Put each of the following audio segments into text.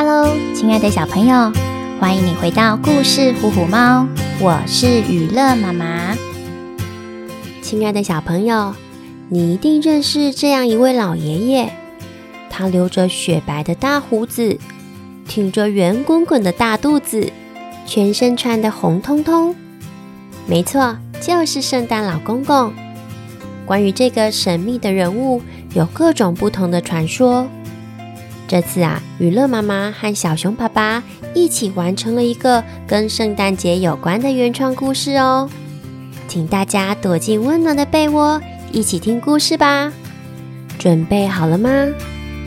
哈嘍，Hello, 親愛的小朋友，歡迎你回到故事《虎虎貓》。我是予樂媽媽。親愛的小朋友，你一定認識這樣一位老爺爺，他留着雪白的大鬍子，挺着圓滾滾的大肚子，全身穿得紅彤彤。沒錯，就是聖誕老公公。關於這個神秘的人物，有各種不同的傳說。這次啊，予樂媽媽和小熊爸爸一起完成了一個跟聖誕節有關的原創故事哦，請大家躲進溫暖的被窩，一起聽故事吧。準備好了嗎？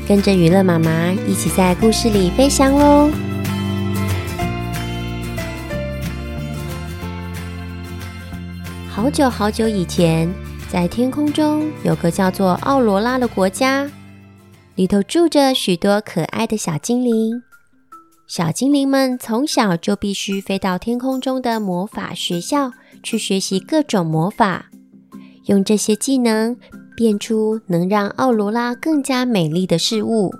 跟着予樂媽媽一起在故事裡飛翔嘍！好久好久以前，在天空中有個叫做奧羅拉的國家。裡頭住着許多可愛的小精靈。小精靈們從小就必須飛到天空中的魔法學校去學習各種魔法，用這些技能變出能讓奧羅拉更加美麗的事物。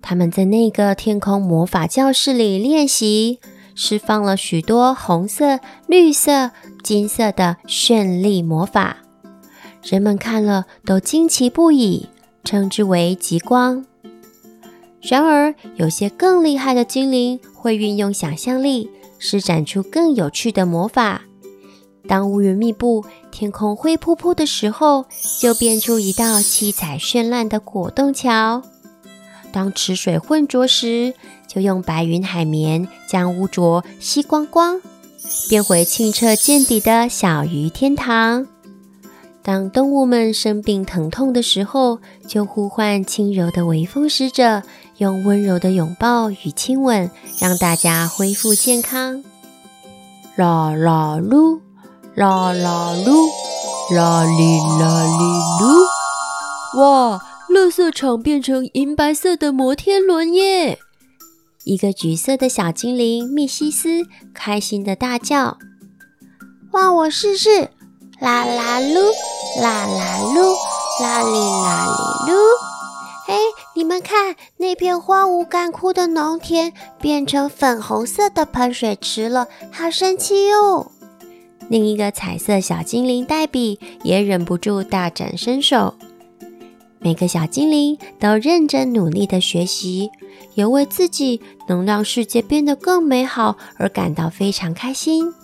他們在那個天空魔法教室裡練習，釋放了許多紅色、綠色、金色的絢麗魔法，人們看了都驚奇不已。稱之為極光。然而，有些更厲害的精靈會運用想象力，施展出更有趣的魔法。當烏雲密佈、天空灰撲撲的時候，就變出一道七彩絢爛的果凍橋；當池水渾濁時，就用白雲海綿將污濁吸光光，變回清澈見底的小魚天堂。當動物們生病疼痛的時候，就呼喚輕柔的微風使者，用溫柔的擁抱與親吻，讓大家恢復健康。啦啦嚕，啦啦嚕，啦哩啦哩嚕。哇！垃圾場變成銀白色的摩天輪耶！一個橘色的小精靈密西斯開心地大叫：“換我試試！”啦啦嚕，啦啦嚕，啦哩啦哩嚕。嘿、欸，你們看，那片荒蕪乾枯的農田變成粉紅色的噴水池了，好神奇喲、哦！另一個彩色小精靈黛比也忍不住大展身手。每個小精靈都認真努力的學習，也為自己能讓世界變得更美好而感到非常開心。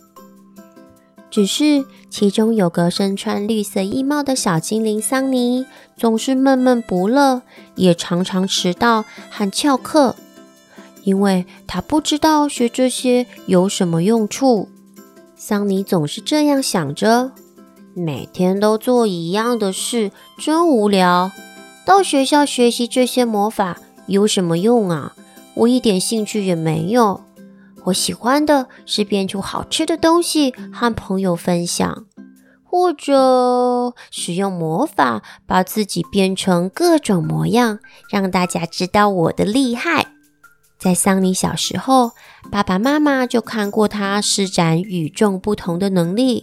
只是其中有個身穿綠色衣帽的小精靈桑尼，總是悶悶不樂，也常常遲到和翹課，因為他不知道學這些有什麼用處。桑尼總是這樣想着：每天都做一樣的事，真無聊。到學校學習這些魔法有什麼用啊？我一點興趣也沒有。我喜歡的是變出好吃的東西和朋友分享，或者使用魔法把自己變成各種模樣，讓大家知道我的厲害。在桑尼小時候，爸爸媽媽就看過他施展與眾不同的能力。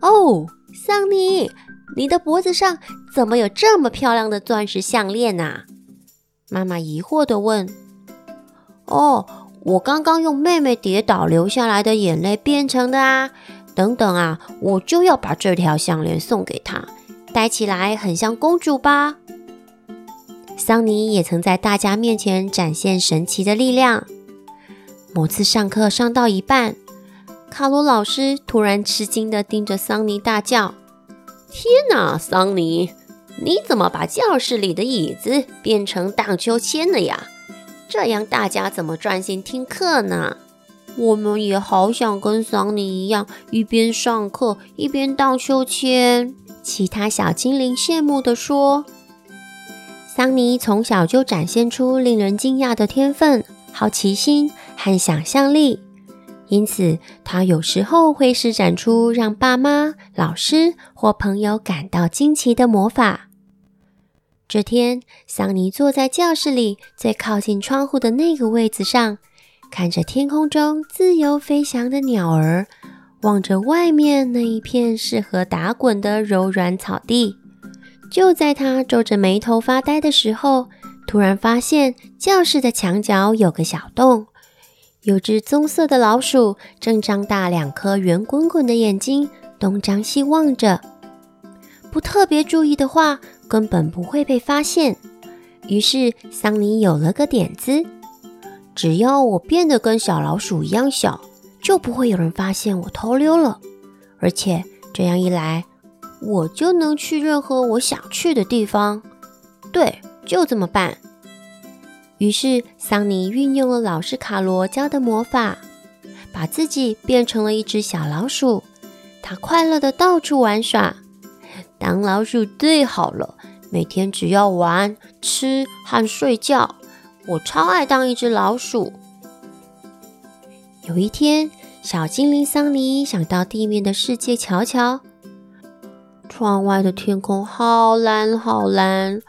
哦，桑尼，你的脖子上怎麼有這麼漂亮的鑽石項鏈呢？媽媽疑惑地問。哦。我剛剛用妹妹跌倒流下來的眼淚變成的啊！等等啊，我就要把這條項鏈送給她，戴起來很像公主吧？桑尼也曾在大家面前展現神奇的力量。某次上課上到一半，卡羅老師突然吃驚地盯着桑尼大叫：“天哪，桑尼，你怎麼把教室裡的椅子變成盪秋千了呀？”這樣大家怎麼專心聽課呢？我們也好想跟桑尼一樣，一邊上課一邊盪秋千。其他小精靈羨慕地說。桑尼從小就展現出令人驚訝的天分、好奇心和想象力，因此他有時候會施展出讓爸媽、老師或朋友感到驚奇的魔法。這天，桑尼坐在教室裡最靠近窗戶的那個位置上，看着天空中自由飛翔的鳥兒，望着外面那一片適合打滾的柔軟草地。就在他皺着眉頭發呆的時候，突然發現教室的牆角有個小洞，有隻棕色的老鼠正張大兩顆圓滾滾的眼睛，東張西望着。不特別注意的話。根本不會被發現。於是，桑尼有了個點子：只要我變得跟小老鼠一樣小，就不會有人發現我偷溜了。而且，這樣一來，我就能去任何我想去的地方。對，就這麼辦。於是，桑尼運用了老師卡羅教的魔法，把自己變成了一隻小老鼠。他快樂地到處玩耍。當老鼠最好了，每天只要玩、吃和睡覺。我超愛當一隻老鼠。有一天，小精靈桑尼想到地面的世界瞧瞧。窗外的天空好藍好藍，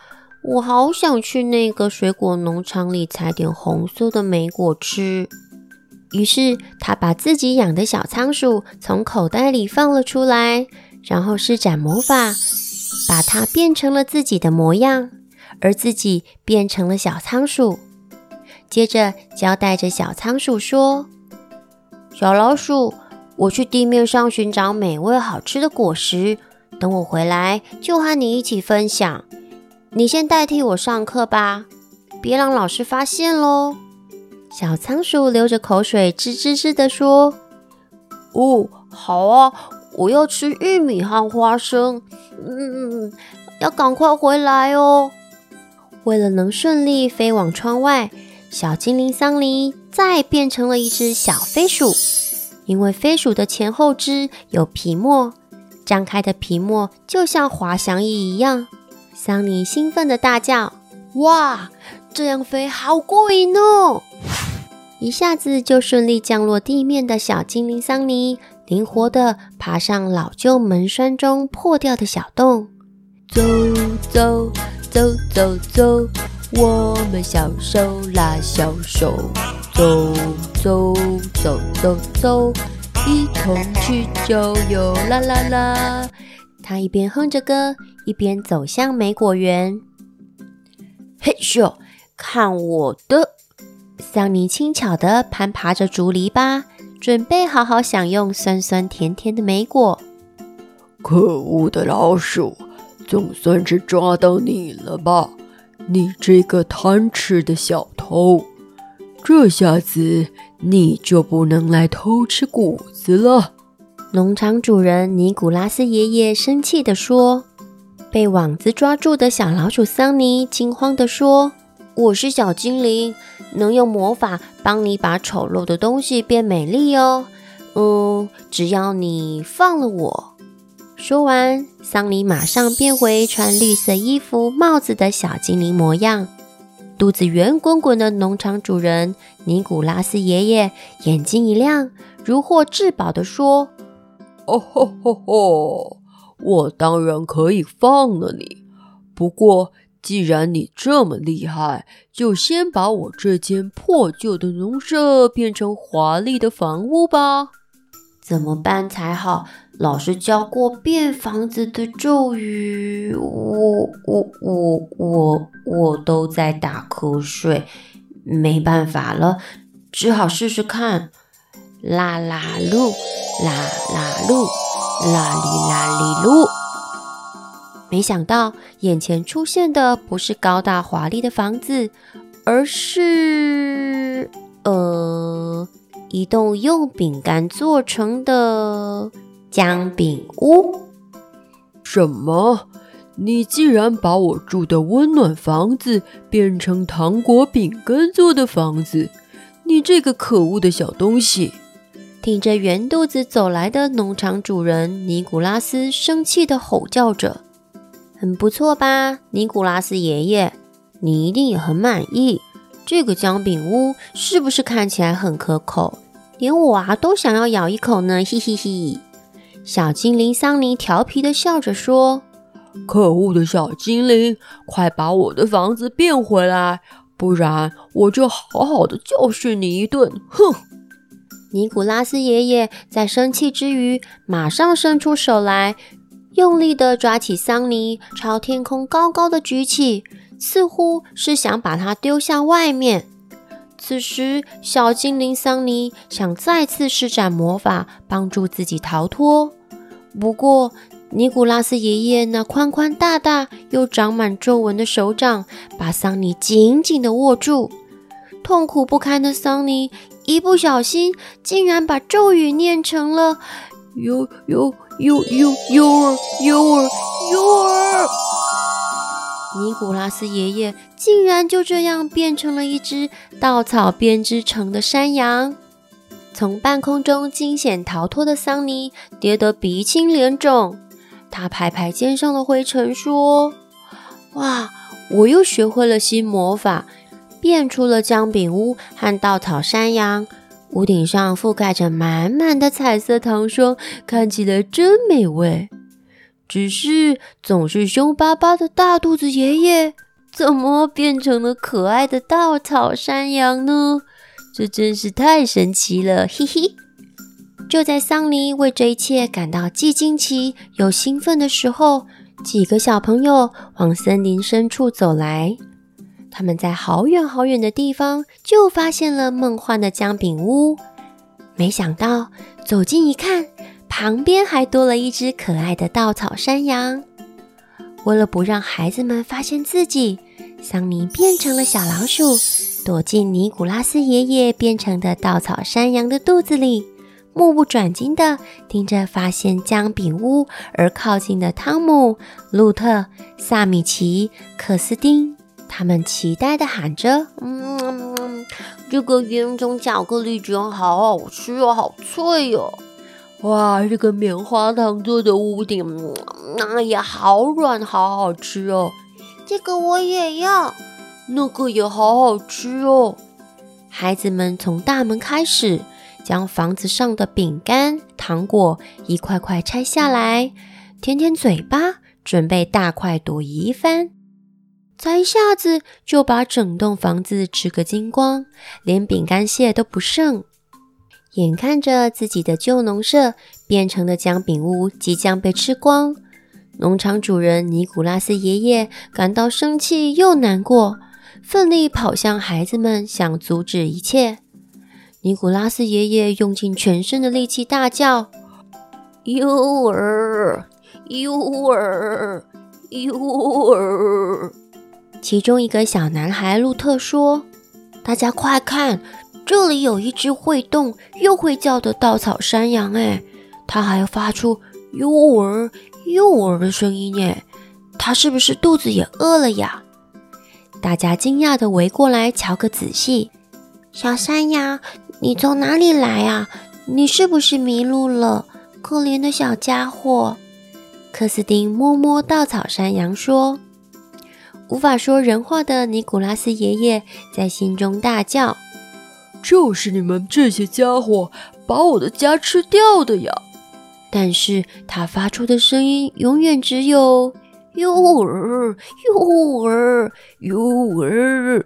我好想去那個水果農場裡採點紅色的莓果吃。於是，他把自己養的小倉鼠從口袋裡放了出來。然後施展魔法，把它變成了自己的模樣，而自己變成了小倉鼠。接着交代着小倉鼠說：“小老鼠，我去地面上尋找美味好吃的果實，等我回來就和你一起分享。你先代替我上課吧，別讓老師發現嘍。”小倉鼠流着口水，吱吱吱地說：“哦，好啊。”我要吃玉米和花生，嗯，要趕快回來哦。為了能順利飛往窗外，小精靈桑尼再變成了一隻小飛鼠。因為飛鼠的前後肢有皮膜，張開的皮膜就像滑翔翼一樣。桑尼興奮地大叫：“哇，這樣飛好過癮哦！”一下子就順利降落地面的小精靈桑尼。靈活地爬上老舊門栓中破掉的小洞，走走走走走，我們小手拉小手，走走走，走走走，一同去郊遊啦啦啦！他一邊哼着歌，一邊走向莓果園。嘿咻，看我的！桑尼輕巧地攀爬着竹籬笆。準備好好享用酸酸甜甜的莓果。可惡的老鼠，總算是抓到你了吧！你這個貪吃的小偷，這下子你就不能來偷吃果子了。農場主人尼古拉斯爺爺生氣地說：“被網子抓住的小老鼠桑尼驚慌地說：我是小精靈。”能用魔法幫你把醜陋的東西變美麗哦。嗯，只要你放了我。說完，桑尼馬上變回穿綠色衣服、帽子的小精靈模樣，肚子圓滾滾的。農場主人尼古拉斯爺爺眼睛一亮，如獲至寶地說：“哦吼吼吼！我當然可以放了你，不過。”既然你這麼厲害，就先把我這間破舊的農舍變成華麗的房屋吧。怎麼辦才好？老師教過變房子的咒語，我、我、我、我、我都在打瞌睡，沒辦法了，只好試試看。啦啦嚕，啦啦嚕，啦哩啦哩嚕。沒想到眼前出現的不是高大華麗的房子，而是呃，一棟用餅乾做成的薑餅屋。什麼？你竟然把我住的溫暖房子變成糖果餅乾做的房子？你這個可惡的小東西！挺着圓肚子走來的農場主人尼古拉斯生氣地吼叫着。很不錯吧，尼古拉斯爺爺，你一定也很滿意。這個薑餅屋是不是看起來很可口？連我啊都想要咬一口呢！嘿嘿嘿！小精靈桑尼調皮的笑着說：“可惡的小精靈，快把我的房子變回來，不然我就好好的教訓你一頓！”哼！尼古拉斯爺爺在生氣之餘，馬上伸出手來。用力地抓起桑尼，朝天空高高的舉起，似乎是想把他丟向外面。此時，小精靈桑尼想再次施展魔法，幫助自己逃脫。不過，尼古拉斯爺爺那寬寬大大又長滿皺紋的手掌，把桑尼緊緊地握住。痛苦不堪的桑尼一不小心，竟然把咒語念成了“呦呦”。呦，呦，呦，呦，呦，呦！尼古拉斯爺爺竟然就這樣變成了一隻稻草編織成的山羊。從半空中驚險逃脫的桑尼跌得鼻青臉腫，他拍拍肩上的灰塵說：“哇，我又學會了新魔法，變出了薑餅屋和稻草山羊。”屋頂上覆蓋着滿滿的彩色糖霜，看起來真美味。只是總是凶巴巴的大肚子爺爺，怎麼變成了可愛的稻草山羊呢？這真是太神奇了，嘿嘿！就在桑尼為這一切感到既驚奇又興奮的時候，幾個小朋友往森林深處走來。他們在好遠好遠的地方就發現了夢幻的薑餅屋，沒想到走近一看，旁邊還多了一隻可愛的稻草山羊。為了不讓孩子們發現自己，桑尼變成了小老鼠，躲進尼古拉斯爺爺變成的稻草山羊的肚子裡，目不轉睛地盯着發現薑餅屋而靠近的湯姆、路特、薩米奇、克斯丁。他們期待地喊着：“嗯，這個原種巧克力捲好好吃哦，好脆喲、哦！哇，這個棉花糖做的屋頂，那也好軟，好好吃哦！這個我也要，那個也好好吃哦！”孩子們從大門開始，將房子上的餅乾、糖果一塊塊拆下來，舔舔嘴巴，準備大快朵頤一番。才一下子就把整棟房子吃個精光，連餅乾屑都不剩。眼看着自己的舊農舍變成了薑餅屋，即將被吃光，農場主人尼古拉斯爺爺感到生氣又難過，奮力跑向孩子們，想阻止一切。尼古拉斯爺爺用盡全身的力氣大叫：“尤爾！尤爾！尤爾！”其中一個小男孩路特說：“大家快看，這裡有一隻會動又會叫的稻草山羊！哎，它還發出‘幼兒，幼兒’的聲音誒，它是不是肚子也餓了呀？”大家驚訝地圍過來瞧個仔細。小山羊，你從哪裡來啊？你是不是迷路了？可憐的小家伙！克斯丁摸摸稻草山羊說。無法說人話的尼古拉斯爺爺在心中大叫：“就是你們這些家伙把我的家吃掉的呀！”但是他發出的聲音永遠只有“幼兒，幼兒，幼兒”。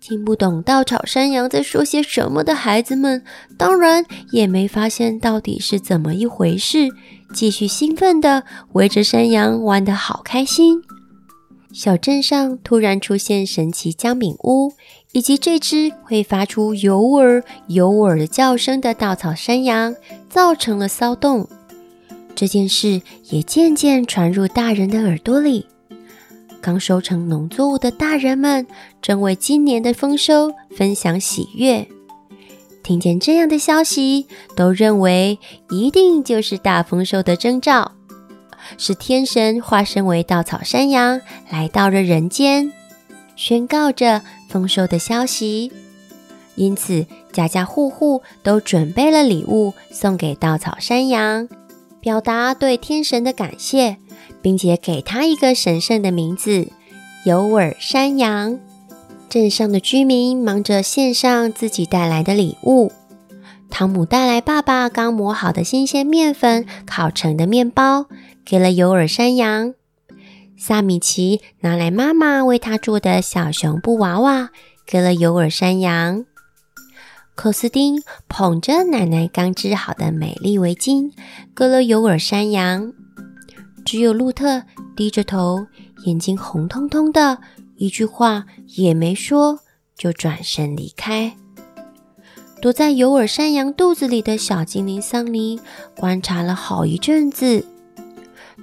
聽不懂稻草山羊在說些什麼的孩子們，當然也沒發現到底是怎麼一回事，繼續興奮地圍着山羊玩得好開心。小鎮上突然出現神奇薑餅屋，以及這只會發出“有耳有耳”的叫聲的稻草山羊，造成了騷動。這件事也漸漸傳入大人的耳朵裡。剛收成農作物的大人們正為今年的豐收分享喜悅，聽見這樣的消息，都認為一定就是大豐收的徵兆。是天神化身為稻草山羊來到了人間，宣告着豐收的消息。因此，家家戶戶都準備了禮物送給稻草山羊，表達對天神的感謝，並且給他一個神聖的名字——尤爾山羊。鎮上的居民忙着獻上自己帶來的禮物。湯姆帶來爸爸剛磨好的新鮮麵粉，烤成的麵包。給了尤爾山羊，薩米奇拿來媽媽為他做的小熊布娃娃，給了尤爾山羊。克斯丁捧着奶奶剛織好的美麗圍巾，給了尤爾山羊。只有路特低着頭，眼睛紅彤彤的，一句話也沒說，就轉身離開。躲在尤爾山羊肚子裡的小精靈桑尼觀察了好一陣子。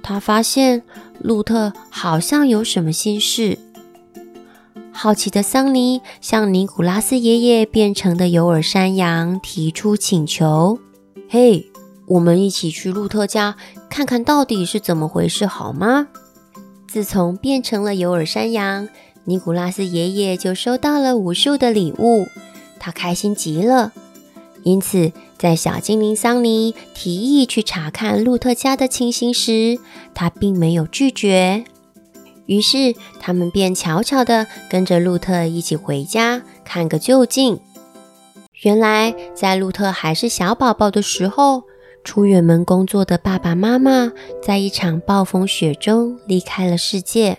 他發現路特好像有什麼心事，好奇的桑尼向尼古拉斯爺爺變成的尤爾山羊提出請求：“嘿，我們一起去路特家看看到底是怎麼回事，好嗎？”自從變成了尤爾山羊，尼古拉斯爺爺就收到了無數的禮物，他開心極了。因此，在小精靈桑尼提議去查看路特家的情形時，他並沒有拒絕。於是，他們便悄悄地跟着路特一起回家看個究竟。原來，在路特還是小寶寶的時候，出遠門工作的爸爸媽媽在一場暴風雪中離開了世界。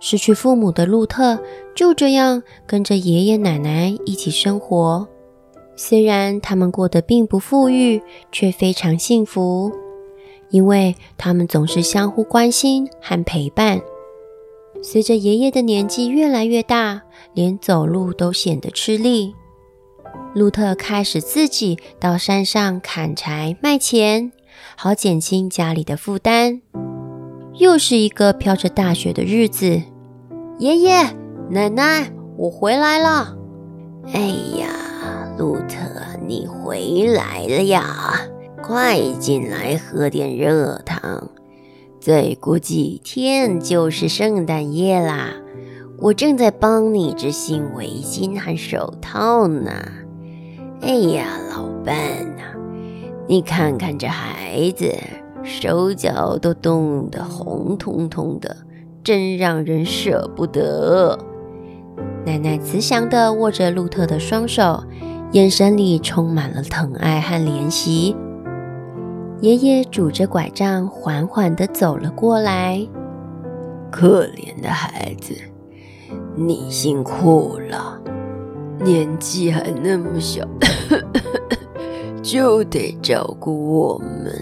失去父母的路特就這樣跟着爺爺奶奶一起生活。雖然他們過得並不富裕，卻非常幸福，因為他們總是相互關心和陪伴。隨着爺爺的年紀越來越大，連走路都顯得吃力。路特開始自己到山上砍柴賣錢，好減輕家裡的負擔。又是一個飄着大雪的日子，爺爺奶奶，我回來了！哎呀！路特，你回來了呀！快進來喝點熱湯，再過幾天就是聖誕夜啦。我正在幫你織新圍巾和手套呢。哎呀，老伴吶、啊，你看看這孩子，手腳都凍得紅彤彤的，真讓人捨不得。奶奶慈祥地握着路特的雙手。眼神裡充滿了疼愛和憐惜。爺爺拄着拐杖，緩緩地走了過來。可憐的孩子，你辛苦了，年紀還那麼小， 就得照顧我們。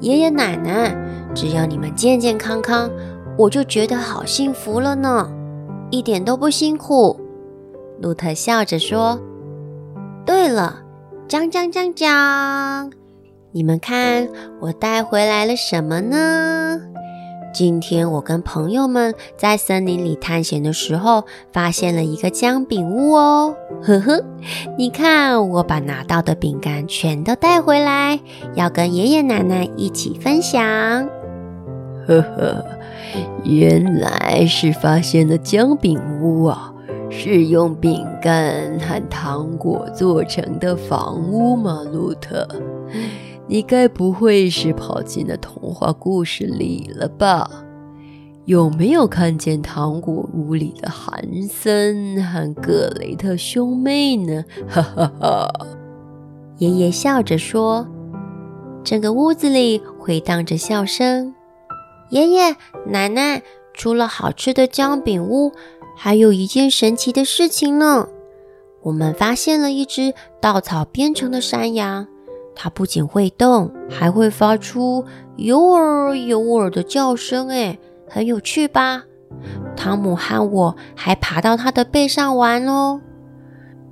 爺爺奶奶，只要你們健健康康，我就覺得好幸福了呢，一點都不辛苦。路特笑着說。對了，張張張張，你們看我帶回來了什麼呢？今天我跟朋友們在森林裡探險的時候，發現了一個薑餅屋哦，呵呵，你看我把拿到的餅乾全都帶回來，要跟爺爺奶奶一起分享，呵呵。原來是發現了薑餅屋啊。是用餅乾和糖果做成的房屋嗎，路特？你該不會是跑進了童話故事裡了吧？有沒有看見糖果屋裡的韓森和格雷特兄妹呢？哈哈哈！爺爺笑着說，整個屋子裡回蕩着笑聲。爺爺奶奶，除了好吃的薑餅屋。還有一件神奇的事情呢，我們發現了一隻稻草編成的山羊，它不僅會動，還會發出有耳有耳的叫聲誒，誒，很有趣吧？湯姆和我還爬到它的背上玩哦。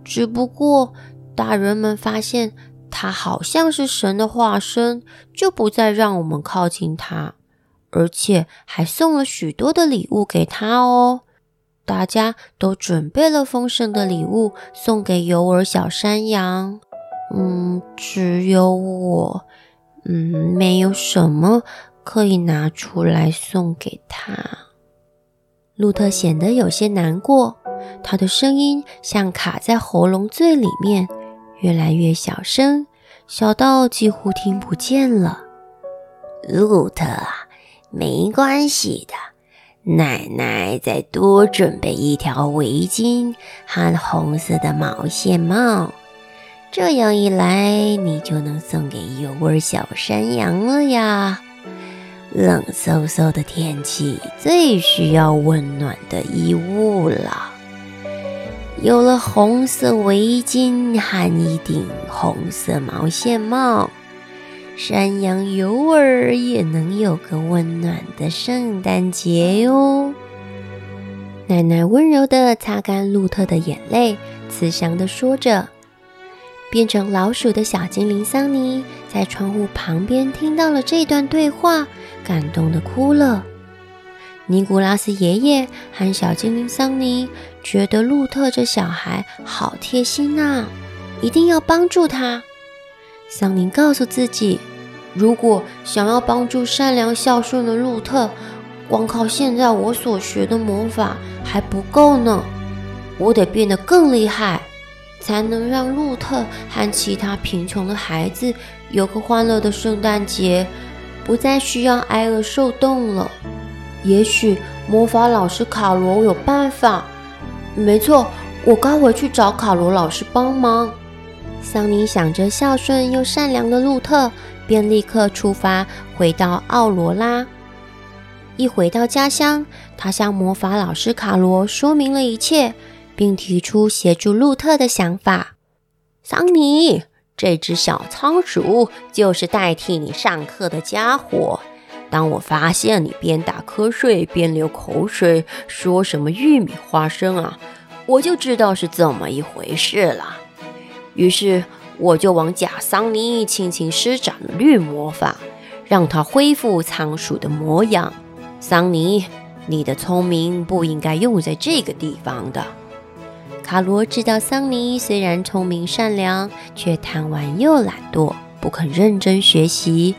只不過大人們發現它好像是神的化身，就不再讓我們靠近它，而且還送了許多的禮物給它哦。大家都準備了豐盛的禮物送給尤爾小山羊，嗯，只有我，嗯，沒有什麼可以拿出來送給他。路特顯得有些難過，他的聲音像卡在喉嚨最裡面，越來越小聲，小到幾乎聽不見了。路特，沒關係的。奶奶再多準備一條圍巾和紅色的毛線帽，這樣一來，你就能送給尤兒小山羊了呀。冷颼颼的天氣最需要溫暖的衣物了。有了紅色圍巾和一頂紅色毛線帽。山羊尤爾也能有個溫暖的聖誕節喲、哦。奶奶溫柔地擦乾露特的眼淚，慈祥地說着。變成老鼠的小精靈桑尼在窗戶旁邊聽到了這段對話，感動得哭了。尼古拉斯爺爺和小精靈桑尼覺得露特這小孩好貼心呐、啊，一定要幫助他。桑尼告訴自己。如果想要幫助善良孝順的路特，光靠現在我所學的魔法還不夠呢。我得變得更厲害，才能讓路特和其他貧窮的孩子有個歡樂的聖誕節，不再需要挨餓受凍了。也許魔法老師卡羅有辦法。沒錯，我該回去找卡羅老師幫忙。桑尼想着，孝順又善良的路特。便立刻出發回到奧羅拉。一回到家鄉，他向魔法老師卡羅說明了一切，並提出協助路特的想法。桑尼，這只小倉鼠就是代替你上課的傢伙。當我發現你邊打瞌睡邊流口水，說什麼玉米花生啊，我就知道是怎麼一回事了。於是，我就往假桑尼輕輕施展了綠魔法，讓他恢復倉鼠的模樣。桑尼，你的聰明不應該用在這個地方的。卡羅知道桑尼雖然聰明善良，卻貪玩又懶惰，不肯認真學習，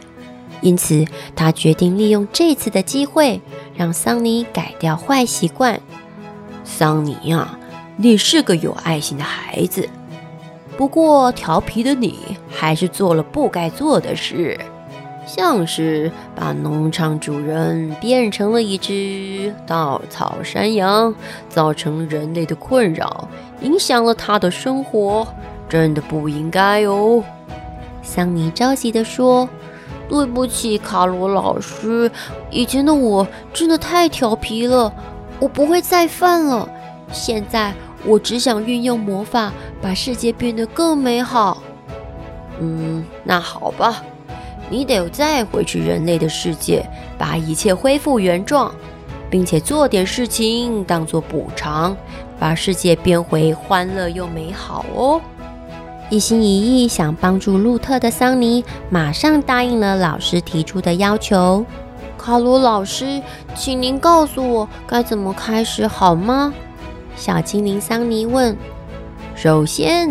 因此他決定利用這次的機會，讓桑尼改掉壞習慣。桑尼呀、啊，你是個有愛心的孩子。不過，調皮的你還是做了不該做的事，像是把農場主人變成了一隻稻草山羊，造成人類的困擾，影響了他的生活，真的不應該哦。桑尼着急地說：“對不起，卡羅老師，以前的我真的太調皮了，我不會再犯了。現在，我只想運用魔法。”把世界變得更美好。嗯，那好吧，你得再回去人類的世界，把一切恢復原狀，並且做點事情當做補償，把世界變回歡樂又美好哦。一心一意想幫助路特的桑尼，馬上答應了老師提出的要求。卡羅老師，請您告訴我該怎麼開始好嗎？小精靈桑尼問。首先，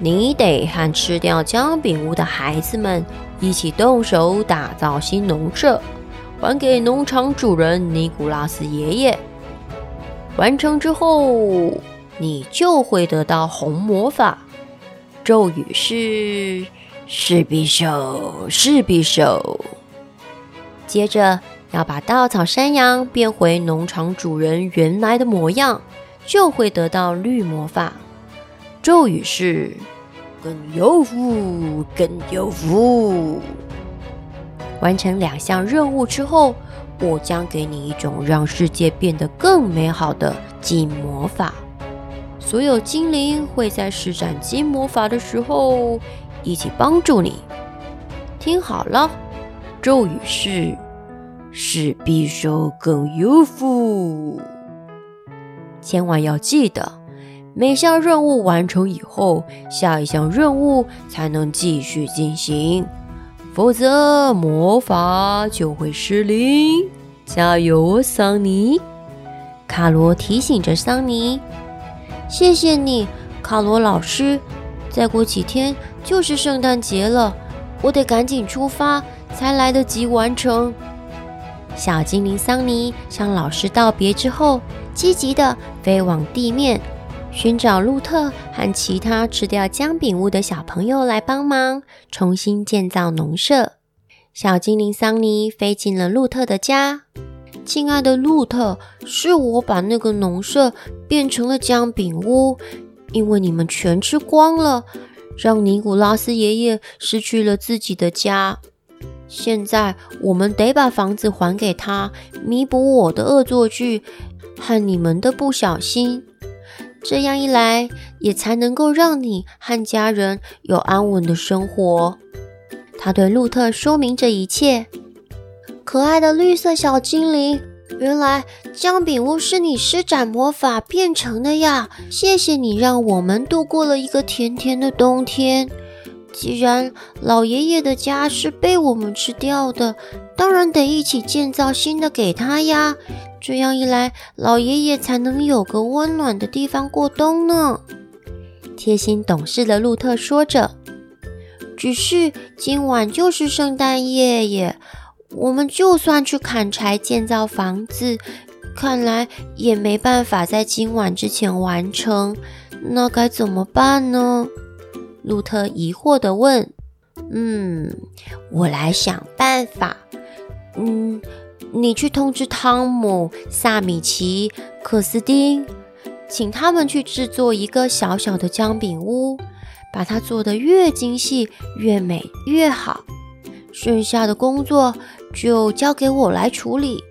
你得和吃掉薑餅屋的孩子們一起動手打造新農舍，還給農場主人尼古拉斯爺爺。完成之後，你就會得到紅魔法。咒語是：是匕首，是匕首。接着要把稻草山羊變回農場主人原來的模樣，就會得到綠魔法。咒語是：更有福，更有福。完成兩項任務之後，我將給你一種讓世界變得更美好的金魔法。所有精靈會在施展金魔法的時候，一起幫助你。聽好了，咒語是：使彼此更有福。千萬要記得。每項任務完成以後，下一項任務才能繼續進行，否則魔法就會失靈。加油，桑尼！卡羅提醒着桑尼。謝謝你，卡羅老師。再過幾天就是聖誕節了，我得趕緊出發，才來得及完成。小精靈桑尼向老師道別之後，積極地飛往地面。尋找路特和其他吃掉薑餅屋的小朋友來幫忙，重新建造農舍。小精靈桑尼飛進了路特的家。親愛的路特，是我把那個農舍變成了薑餅屋，因為你們全吃光了，讓尼古拉斯爺爺失去了自己的家。現在我們得把房子還給他，彌補我的惡作劇和你們的不小心。這樣一來，也才能夠讓你和家人有安穩的生活。他對路特說明著一切。可愛的綠色小精靈，原來薑餅屋是你施展魔法變成的呀！謝謝你讓我們度過了一個甜甜的冬天。既然老爺爺的家是被我們吃掉的，當然得一起建造新的給他呀。這樣一來，老爺爺才能有個溫暖的地方過冬呢。貼心懂事的路特說着，只是今晚就是聖誕夜耶，我們就算去砍柴建造房子，看來也沒辦法在今晚之前完成。那該怎麼辦呢？路特疑惑地問：“嗯，我來想辦法。嗯，你去通知湯姆、薩米奇、克斯丁，請他們去制作一個小小的薑餅屋，把它做得越精細、越美越好。剩下的工作就交給我來處理。”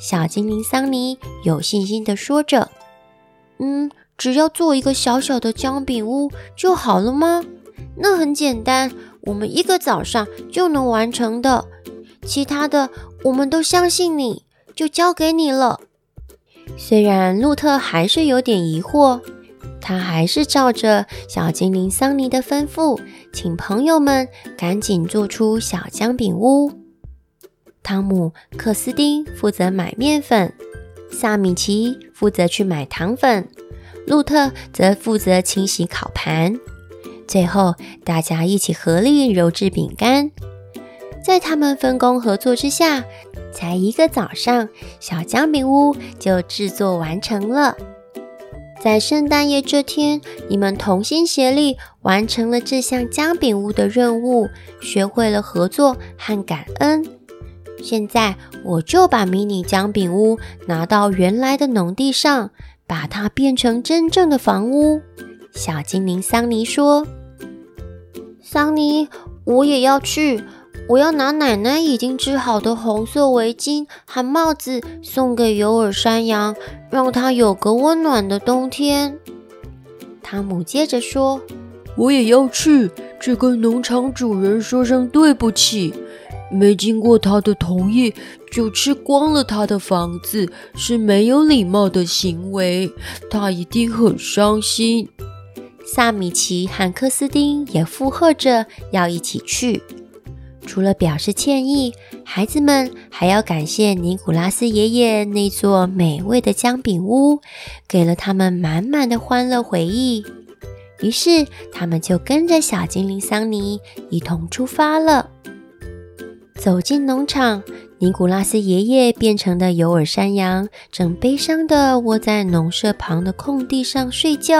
小精靈桑尼有信心地說着：“嗯。”只要做一個小小的薑餅屋就好了嗎？那很簡單，我們一個早上就能完成的。其他的我們都相信你就，就交給你了。雖然路特還是有點疑惑，他還是照着小精靈桑尼的吩咐，請朋友們趕緊做出小薑餅屋。湯姆·克斯丁負責買麵粉，薩米奇負責去買糖粉。路特則負責清洗烤盤，最後大家一起合力揉製餅乾。在他們分工合作之下，才一個早上，小薑餅屋就製作完成了。在聖誕夜這天，你們同心協力完成了這項薑餅屋的任務，學會了合作和感恩。現在，我就把迷你薑餅屋拿到原來的農地上，把它變成真正的房屋，小精靈桑尼說：“桑尼，我也要去。我要拿奶奶已經織好的紅色圍巾和帽子送給尤爾山羊，讓它有個溫暖的冬天。”湯姆接着說：“我也要去，去跟農場主人說聲對不起。”沒經過他的同意就吃光了他的房子，是沒有禮貌的行為。他一定很傷心。薩米奇和克斯丁也附和着要一起去。除了表示歉意，孩子們還要感謝尼古拉斯爺爺那座美味的薑餅屋，給了他們滿滿的歡樂回憶。於是，他們就跟着小精靈桑尼一同出發了。走進農場，尼古拉斯爺爺變成的尤爾山羊正悲傷地窩在農舍旁的空地上睡覺。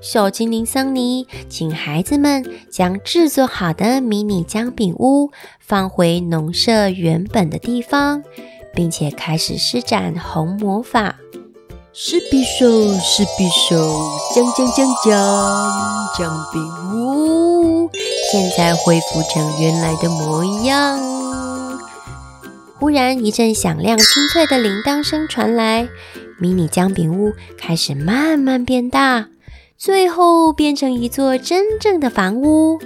小精靈桑尼請孩子們將制作好的迷你薑餅屋放回農舍原本的地方，並且開始施展紅魔法。是匕首，是匕首，薑薑薑薑薑餅屋。現在恢復成原來的模樣。忽然，一陣響亮、清脆的鈴鐺聲傳來，迷你薑餅屋開始慢慢變大，最後變成一座真正的房屋。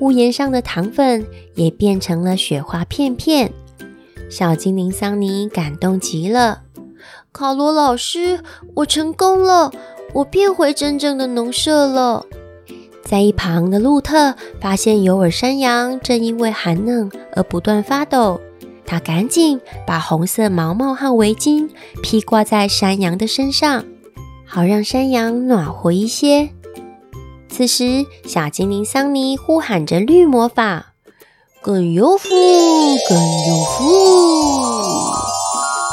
屋檐上的糖粉也變成了雪花片片。小精靈桑尼感動極了：“卡羅老師，我成功了，我變回真正的農舍了。”在一旁的路特發現尤爾山羊正因為寒冷而不斷發抖，他趕緊把紅色毛毛和圍巾披掛在山羊的身上，好讓山羊暖和一些。此時，小精靈桑尼呼喊着綠魔法，更有福，更有福。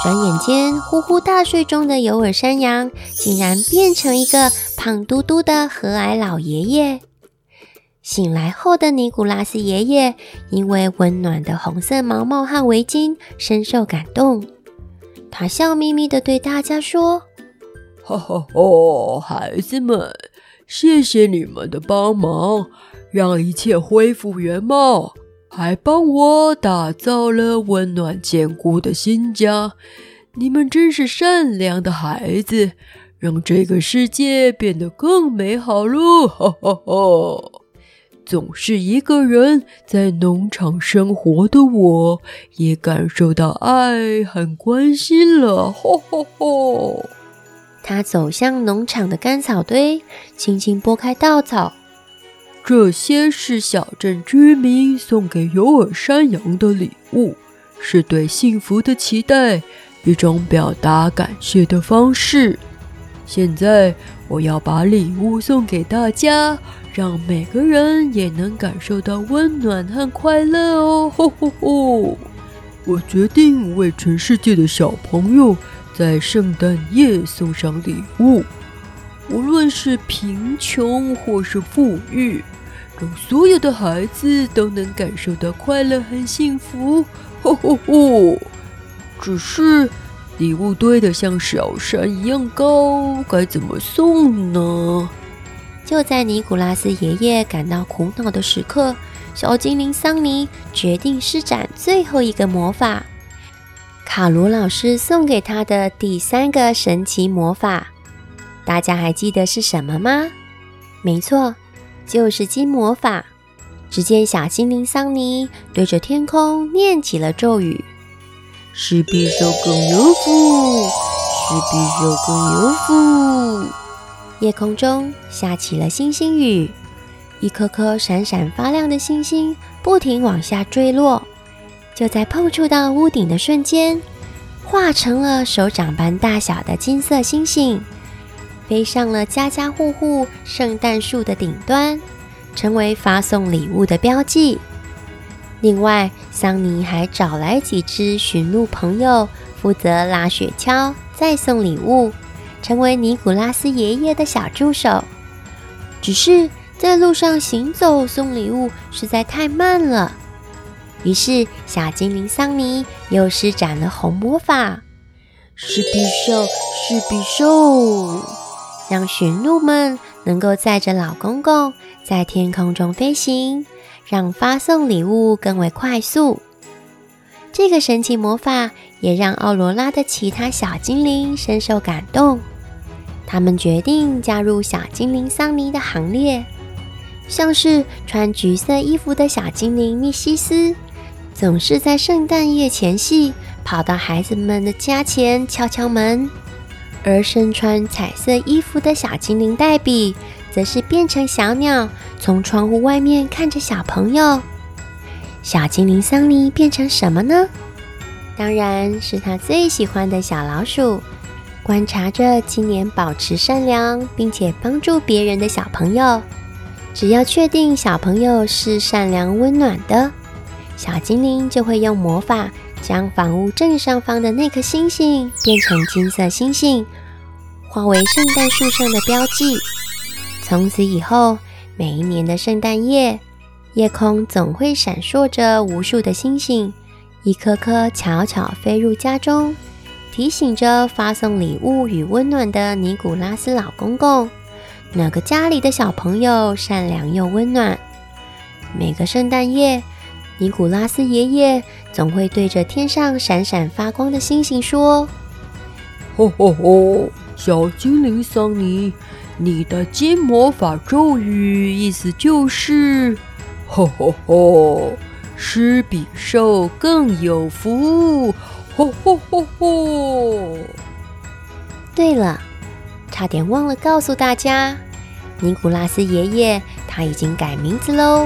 轉眼間，呼呼大睡中的尤爾山羊竟然變成一個胖嘟嘟的和藹老爺爺。醒來後的尼古拉斯爺爺，因為溫暖的紅色毛毛和圍巾深受感動，他笑眯眯地對大家說：“哈哈哈，孩子們，謝謝你們的幫忙，讓一切恢復原貌。”還幫我打造了溫暖堅固的新家，你們真是善良的孩子，讓這個世界變得更美好嘍！哈哈哈。總是一個人在農場生活的我，也感受到愛和關心了。哈哈哈。他走向農場的乾草堆，輕輕撥開稻草。這些是小鎮居民送給尤爾山羊的禮物，是對幸福的期待，一種表達感謝的方式。現在，我要把禮物送給大家，讓每個人也能感受到溫暖和快樂哦！吼吼吼！我決定為全世界的小朋友在聖誕夜送上禮物。無論是貧窮或是富裕，讓所有的孩子都能感受到快樂和幸福。吼吼吼！只是禮物堆得像小山一樣高，該怎麼送呢？就在尼古拉斯爺爺感到苦惱的時刻，小精靈桑尼決定施展最後一個魔法。卡羅老師送給他的第三個神奇魔法。大家還記得是什麼嗎？沒錯，就是金魔法。只見小精靈桑尼對着天空念起了咒語：“施比受更有福，施比受更有福。”夜空中下起了星星雨，一顆顆閃閃發亮的星星不停往下墜落，就在碰觸到屋頂的瞬間，化成了手掌般大小的金色星星。飛上了家家戶戶聖誕樹的頂端，成為發送禮物的標記。另外，桑尼還找來幾隻馴鹿朋友，負責拉雪橇，再送禮物，成為尼古拉斯爺爺的小助手。只是在路上行走送禮物實在太慢了，於是小精靈桑尼又施展了紅魔法，是必瘦，是必瘦。讓馴鹿們能夠載着老公公在天空中飛行，讓發送禮物更為快速。這個神奇魔法也讓奧羅拉的其他小精靈深受感動，他們決定加入小精靈桑尼的行列。像是穿橘色衣服的小精靈密西斯，總是在聖誕夜前夕跑到孩子們的家前敲敲門。而身穿彩色衣服的小精靈黛比，則是變成小鳥，從窗戶外面看着小朋友。小精靈桑尼變成什麼呢？當然是他最喜歡的小老鼠，觀察着今年保持善良並且幫助別人的小朋友。只要確定小朋友是善良溫暖的，小精靈就會用魔法將房屋正上方的那顆星星變成金色星星。化為聖誕樹上的標記。從此以後，每一年的聖誕夜，夜空總會閃爍着無數的星星，一顆顆悄悄飛入家中，提醒着發送禮物與溫暖的尼古拉斯老公公，哪個家裡的小朋友善良又溫暖。每個聖誕夜，尼古拉斯爺爺總會對着天上閃閃發光的星星說：“吼吼吼！”小精靈桑尼，你的金魔法咒語意思就是，吼吼吼，施比受更有福，吼吼吼吼。對了，差點忘了告訴大家，尼古拉斯爺爺他已經改名字嘍，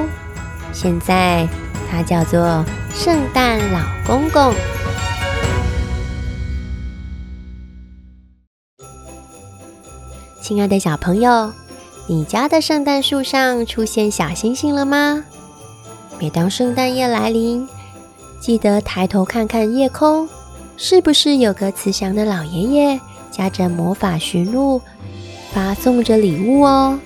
現在他叫做聖誕老公公。親愛的小朋友，你家的聖誕樹上出現小星星了嗎？每當聖誕夜來臨，記得抬頭看看夜空，是不是有個慈祥的老爺爺駕着魔法馴鹿，發送着禮物哦？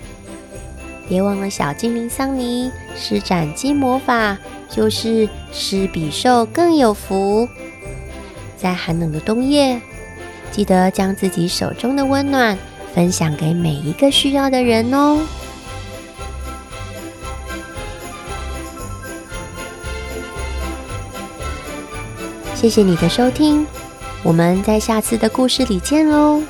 別忘了小精靈桑尼施展金魔法，就是施比受更有福。在寒冷的冬夜，記得將自己手中的溫暖。分享給每一個需要的人哦！謝謝你的收聽，我們在下次的故事裡見哦！